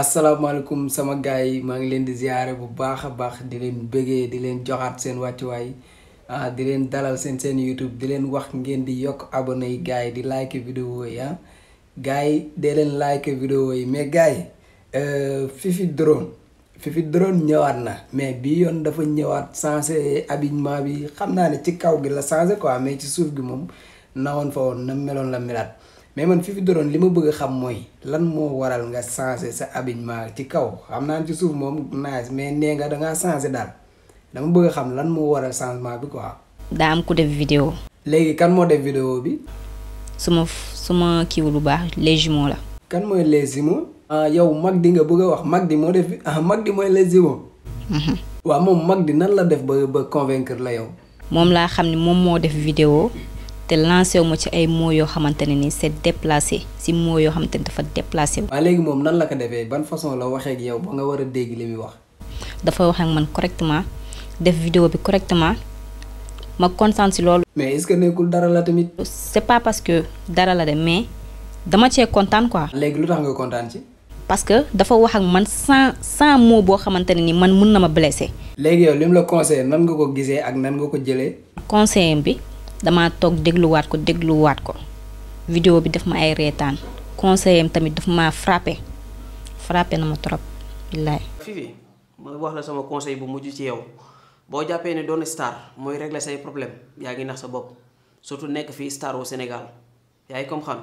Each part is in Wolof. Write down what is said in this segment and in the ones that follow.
asalaamaaleykum sama gars yi maa ngi leen di ziare bu baax a baax di leen bëggee di leen joxaat seen wàccuwaay ah di leen dalal seen seen YouTube di leen wax ngeen di yokk abonné yi gars yi di like vidéo yi ah gars yi dee leen like vidéo mais gars yi euh, Fifi drone Fifi drone ñëwaat na mais bii yoon dafa ñëwaat changé habillement bi xam naa ne ci kaw gi la changé quoi mais ci suuf gi moom nawoon fa woon na meloon la melaat. mais man fi fi doroon li ma bëgg a xam mooy lan moo waral nga changé sa habillement ci kaw xam naa ci suuf moom nice mais nee nga dangaa changé daal dama bëgg a xam lan moo waral changement bi quoi. daa am ku def vidéo. léegi kan moo def vidéo bi. suma suma kiiw bu baax les jumeaux la. kan mooy les jumeaux. Ah, yow mag di nga bëgg a wax mag di moo def ah, mag di mooy les jumeaux. Mhm. waaw moom mag di nan la def ba ba convaincre la yow. moom laa xam ne moom moo def vidéo. te lancé wu ma ci ay mots yoo xamante ne ni c'est déplacé si mots yoo xamante ni dafa déplacé wu. waaw léegi moom nan la ko defee ban façon la waxee ak yow ba nga war a dégg li muy wax. dafa wax ak man correctement def vidéo bi correctement ma kontaan si loolu. mais est-ce que nekkul dara la tamit. c'est pas parce que dara la de mais dama cee contente quoi. léegi lu tax nga ci. parce que dafa wax ak man sans sans mot boo xamante ne ni man mun na ma blessé. léegi yow li mu la conseillé nan nga ko gisee ak nan nga ko jëlee. conseil bi. dama deglu wat ko wat ko video bi def ma ay retane conseil yam tamit def ma frappé frappé na ma trop billahi fifi ma wax la sama conseil bu mujj ci yow bo jappé ni doon star moy régler say problème yaa ngi nax sa bop surtout nek fi star au sénégal yaay comme xam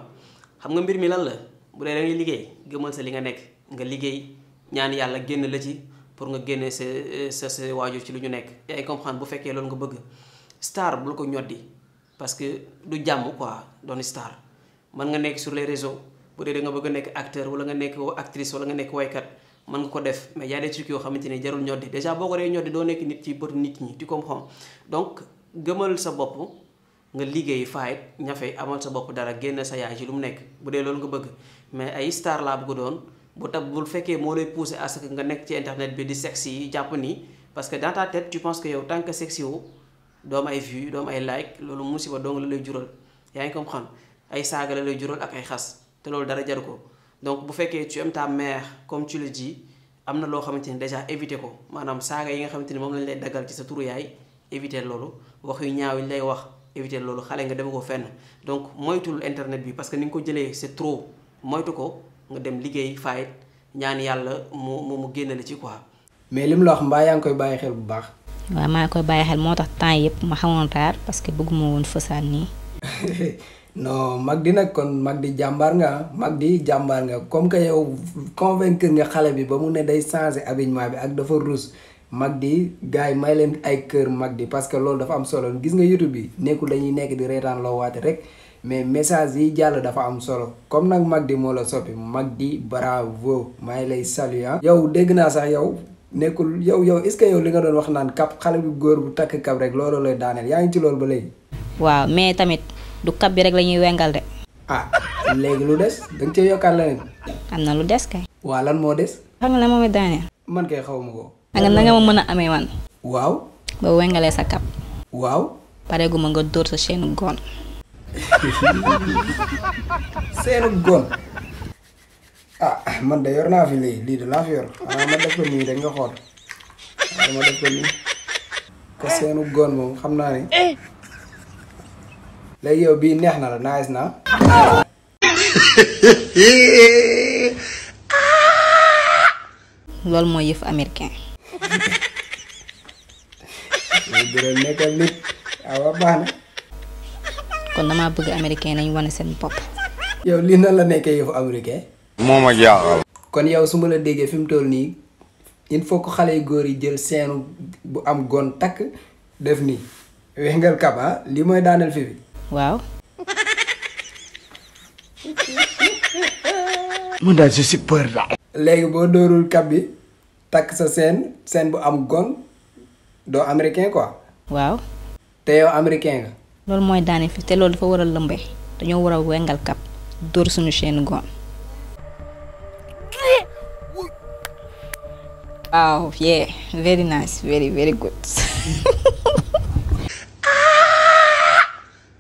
xam nga mbir mi lan la bu dé da ngay liggéey gëmal sa li nga nek nga liggéey ñaan yalla génn la ci pour nga génné sa sa sa ci luñu nek yaay comme xam bu féké lool nga bëgg star bul ko ñoddi parce que du jàmm quoi doon star mën nga nekk sur les réseaux bu dee da bëgg a nekk acteur wala nga nekk actrice wala nga nekk waykat mën nga ko def mais y a des trucs yoo xamante ne jarul ñoddi déjà boo ko dee ñoddi doo nekk nit ci bëtu nit ñi di ko xam donc gëmal sa bopp nga liggéey faayit ñafe amal sa bopp dara génn sa yaay ci lu mu nekk bu dee loolu nga bëgg mais ay star laa bëgg doon bu tab bu fekkee moo lay poussé à nga nekk ci internet bi di sexy yi jàpp nii parce que dans ta tête tu yow tant que sexy woo doom ay view doom ay like loolu musiba dong la lay jural yaa ngi comprendre ay saaga la lay jural ak ay xas te loolu dara jaru ko donc bu fekkee tu aimes ta mère comme tu le dis am na loo xamante ni déjà éviter ko maanaam saaga yi nga xamante ni moom lañ lay daggal ci sa turu yaay éviter loolu wax yu ñaaw yi lay wax éviter loolu xale nga dem ko fenn donc moytul internet bi parce que ni nga ko jëlee c'est trop moytu ko nga dem liggéey fayit ñaan yàlla mu mu mu la ci quoi. mais lim la wax mbaa yaa ngi koy bàyyi xel bu baax. waaw maa ngi koy bàyyi xel moo tax temps yëpp ma xamoon raar parce que bëgguma woon fësaan nii. non mag di nag kon mag di jàmbar nga mag di jàmbaar nga comme que yow convaincre nga xale bi ba mu ne day changer habillement bi ak dafa ruus mag di gars yi may leen ay kër mag di parce que loolu dafa am solo gis nga YouTube bi nekkul dañuy nekk di reetaan loo waate rek mais message yi jàll dafa am solo comme nag mag di moo la soppi mag di bravo may lay saluer ah. yow dégg naa sax yow nekkul yow yow est-ce que li nga doon wax naan kap xale bu góor bu takk kap rek loolu lay daaneel yaa ngi ci loolu ba léegi. waaw mais tamit du kap bi rek la ñuy wengal de. ah léegi lu des da nga cee yokkaat leneen. am na lu des kay. waa lan moo des. xam nga la moom daaneel. man kay xaw ma ko. nga ma mën a amee man. waaw. ba wengalee sa kap. waaw. pareegu ma nga dóor sa seenu goon. seenu goon. ah man de yor naa fi lii lii de laa fi yor xanaa ah, ma def ko nii rek xool xanaa ah, def ko nii ko seenu goon moom xam naa ni eh. léegi yow bii neex na la nice na loolu mooy yëf américain dërël nekkal ah, baax na kon damaa bëgg américain nañu wane seen bopp yow lii nan la nekkee yëfu américain moom ak jaaxal. kon yow su ma la déggee fi mu toll nii il faut ko xale yu góor yi jël seenu bu am gon takk def nii wengal kaba li mooy daaneel fi bi waaw. mun daal je suis léegi boo dóorul kab bi takk sa seen seen bu am gon doo américain quoi. waaw. te yow américain nga. loolu mooy daane fi te loolu dafa war a lëmbe dañoo war a wengal kab dóor suñu chaîne gon. waaw oh, yeah very nice very very good.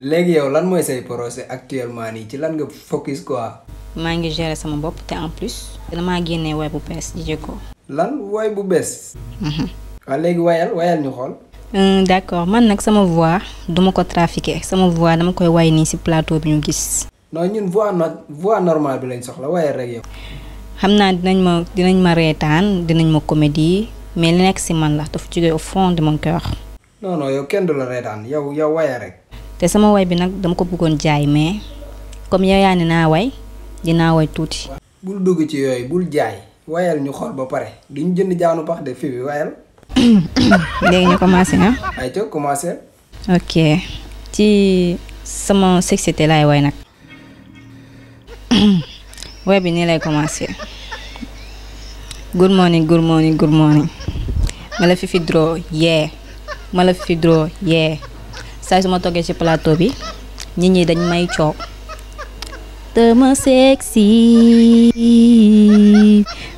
léegi yow lan mooy say projet actuellement nii ci lan nga focus quoi. maa ngi gérer sama bopp te en plus. damaa génnee way bu bees di ko. lan way bu bees. waaw mhm. ah, léegi wayal wayal ñu xool. Euh, d'accord man nag sama voix duma ko trafiquer sama voix dama koy way nii si plateau bi ñu gis. non ñun voix no voix normale bi lañ soxla wayal rek yow. xam naa dinañ ma dinañ ma reetaan dinañ ma comédie mais nekk si man la dafa ci au fond de mon cœur. non non yow kenn du la reetaan yow yow waye rek. te sama way bi nag dama ko bëggoon jaay mais comme yow yaa naa way dinaa way tuuti. bul dugg ci yooyu bul jaay wayal ñu xool ba pare duñ jënd jaanu pax de fii bi wayal. léegi ñu commencé ah. ayca commencé. ok ci sama sexité laay way nag. web bi il a commencé good morning good morning good morning mala fifi draw yeah mala fifi draw yeah saa su ma toggee tobi, plateau bi nit ñi dañ may coow dama sexy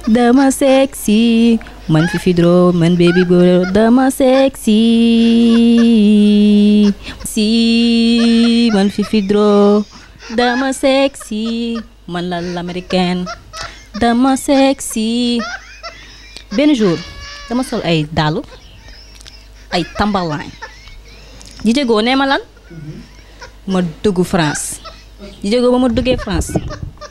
dama sexy man fifi draw man baby girl. dama sexy si man fifi draw dama sexy man la dama sexy ben jour dama sol ay dalu ay tambalan di jego ne ma lan mhm. ma dugu france di jego ba ma dugue france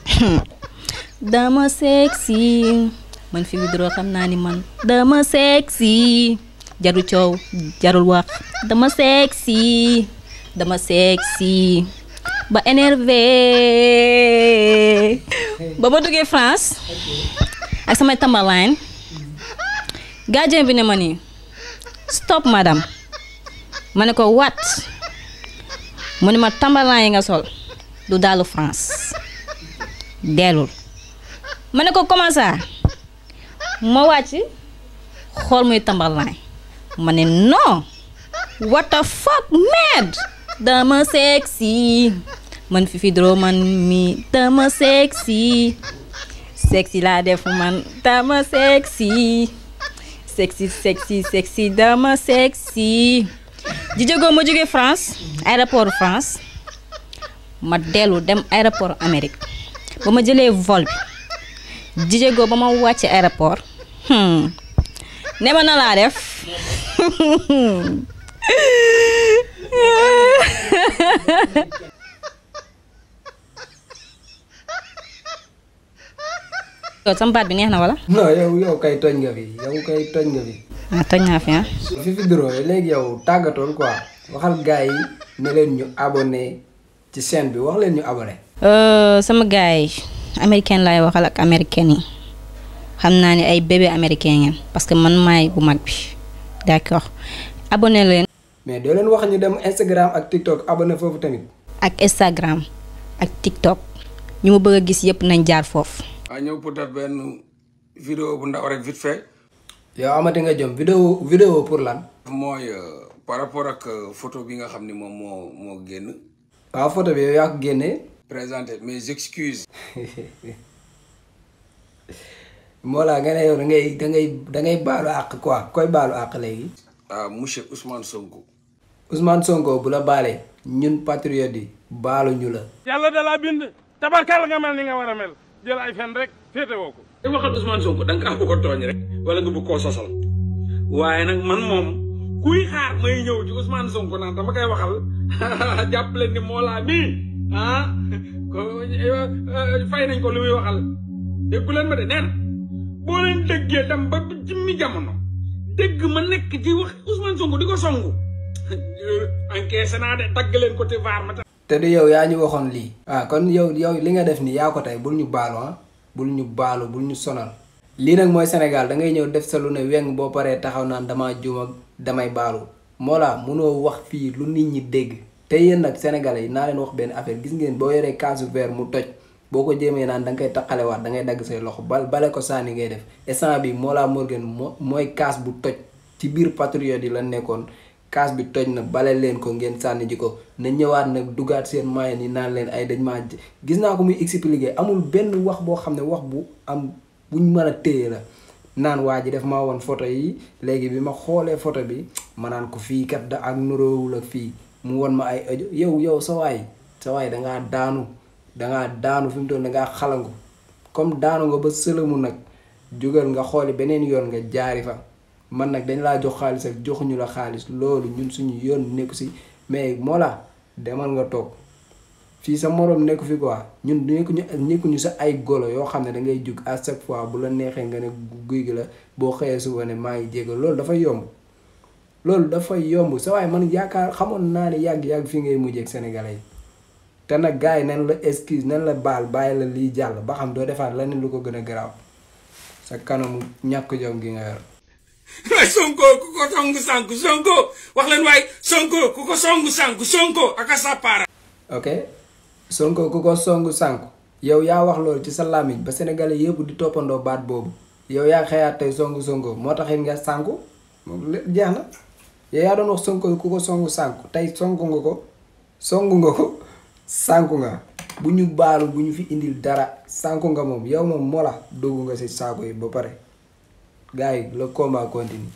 dama sexy man fi widro xamna ni man dama sexy jaru ciow jarul wax dama sexy dama sexy ba énervé ba ba duggee France ak tamba line gardien bi ne ma stop madame ma ne ko what mu ne ma tamba line nga sol du dalu France deelul ma ne ko comment ça ma wàcc xool muy no. ma non what the fuck mad dama sexy man Fifi Dro man mi tama sexy sexy laa def man tama sexy sexy sexy sexy dama sexy di ma jóge France aéroport France ma dellu dem aéroport Amérique ba ma jëlee vol bi di jógoo ba ma wàcce aéroport hmm. ne na laa def yow sama baat bi neex na wala. non yow yow kay tooñ nga fi yow tooñ nga fi. ah tooñ naa fi ah. fi fi duro léegi yow tàggatool quoi waxal gars yi ne leen ñu abonné ci chaîne bi wax leen ñu abonné. sama gars yi américain laay waxal ak américain yi xam naa ni ay bébé américain ngeen parce que man maay bu mag bi d'accord abone leen. mais doo leen wax ñu dem Instagram ak TikTok abonné foofu tamit. ak Instagram ak TikTok ñu ma bëgg a gis yépp nañ jaar foofu. maa ñëw pour video benn vidéo bu ndaw rek vite fait. yow ya, amati nga jëm vidéo vidéo pour lan. mooy eh, par rapport ak eh, photo bi nga xam ni mo moo moo génn. photo bi yow yaa ko génnee. présenté mes excuses. Mollah nga ne yow da ngay da ngay da ngay baalu àq quoi koy baalu àq léegi. ah monsieur Ousmane Sonko. Ousmane Sonko bu la baalee ñun patriote yi baaluñu la. yàlla da laa bind tabarkaal nga mel ni nga mel. jël ay fen rek féete woo ko. te waxal Ousmane Sonko da nga kaa bëgg a tooñ rek wala nga bëgg koo sosal waaye nag man moom kuy xaar may ñëw ci Ousmane Sonko naan dama koy waxal jàpp leen ni Mollah mii ah eh, fay nañ ko li muy ma de neen boo leen déggee tam ba jimmi jamono dégg ma nekk ci wax Ousmane di ko songu encaissé naa de dagg leen côté VAR ma te du yow yaa ñu waxoon lii. waaw ah, kon yow yow li nga def nii yaa ko tey bul ñu baalu ah. bul ñu baalo bul ñu sonal. lii nag mooy Sénégal da ngay ñëw def sa lu ne weng boo paree taxaw naan damaa juum damay baalo moo laa mënoo wax fii lu nit ñi dégg. te yéen nag Sénégalais yi naa leen wax benn affaire gis ngeen boo yoree kaasu beer mu toj boo ko jéemee naan da nga koy taqalewaat da ngay dagg say loxo bal bale ko sànni ngay def instant bi moo la Morgan mooy kaas bu toj ci biir patriote yi la nekkoon. kaas bi toj na bale leen ko ngeen sànni ji ko na ñëwaat nag dugaat seen moyen yi naan leen ay dañ maa gis naa ko muy expliquer amul benn wax boo xam ne wax bu am buñ mën a téye la naan waa ji def ma woon photo yi léegi bi ma xoolee photo bi ma naan ko fii kat da ak nuróowul ak fii mu won ma ay yow yow sa waay sa waay dangaa daanu dangaa daanu fi mu toll ngaa xalangu comme daanu nga ba sëlamu nag jógal nga xooli beneen yoon nga jaari fa man nag dañ laa jox xaalis ak joxuñu la xaalis loolu ñun suñu yoon nekku si mais moo la demal nga toog fii sa moroom nekku fi ko ñun nekkuñu nekkuñu sa ay golo yoo xam ne da ngay jug à chaque bu la neexee nga ne guy gi la boo xëyee suba ne maa ngi jégal loolu yomb loolu dafa yomb sa waaye man yaakaar xamoon naa ne yàgg-yàgg fii ngay mujjeeg sénégalais yi te nag gars yi nan la excuse nan la baal bàyyi la lii jàll ba xam doo defaat leneen lu ko gën a garaaw sa kanamu ñàkk jom gi nga yor Sonko ku ko songu sànku Sonko wax leen waaye Sonko ku ko songu sànku Sonko ak sa para yow yaa wax loolu ci sa làmmiñ ba sénégalais yëpp di toppandoo baat boobu yow yaa xëyaat tey songu Sonko moo taxit nga sànku jeex na yow yaa doon wax Sonko ku ko songu sànku tey songu nga ko songu nga ko sànku nga bu ñu baalu bu ñu fi indil dara sànku nga moom yow moom moo la dugg nga si saako yi ba pare Gaye, lo koma kontini.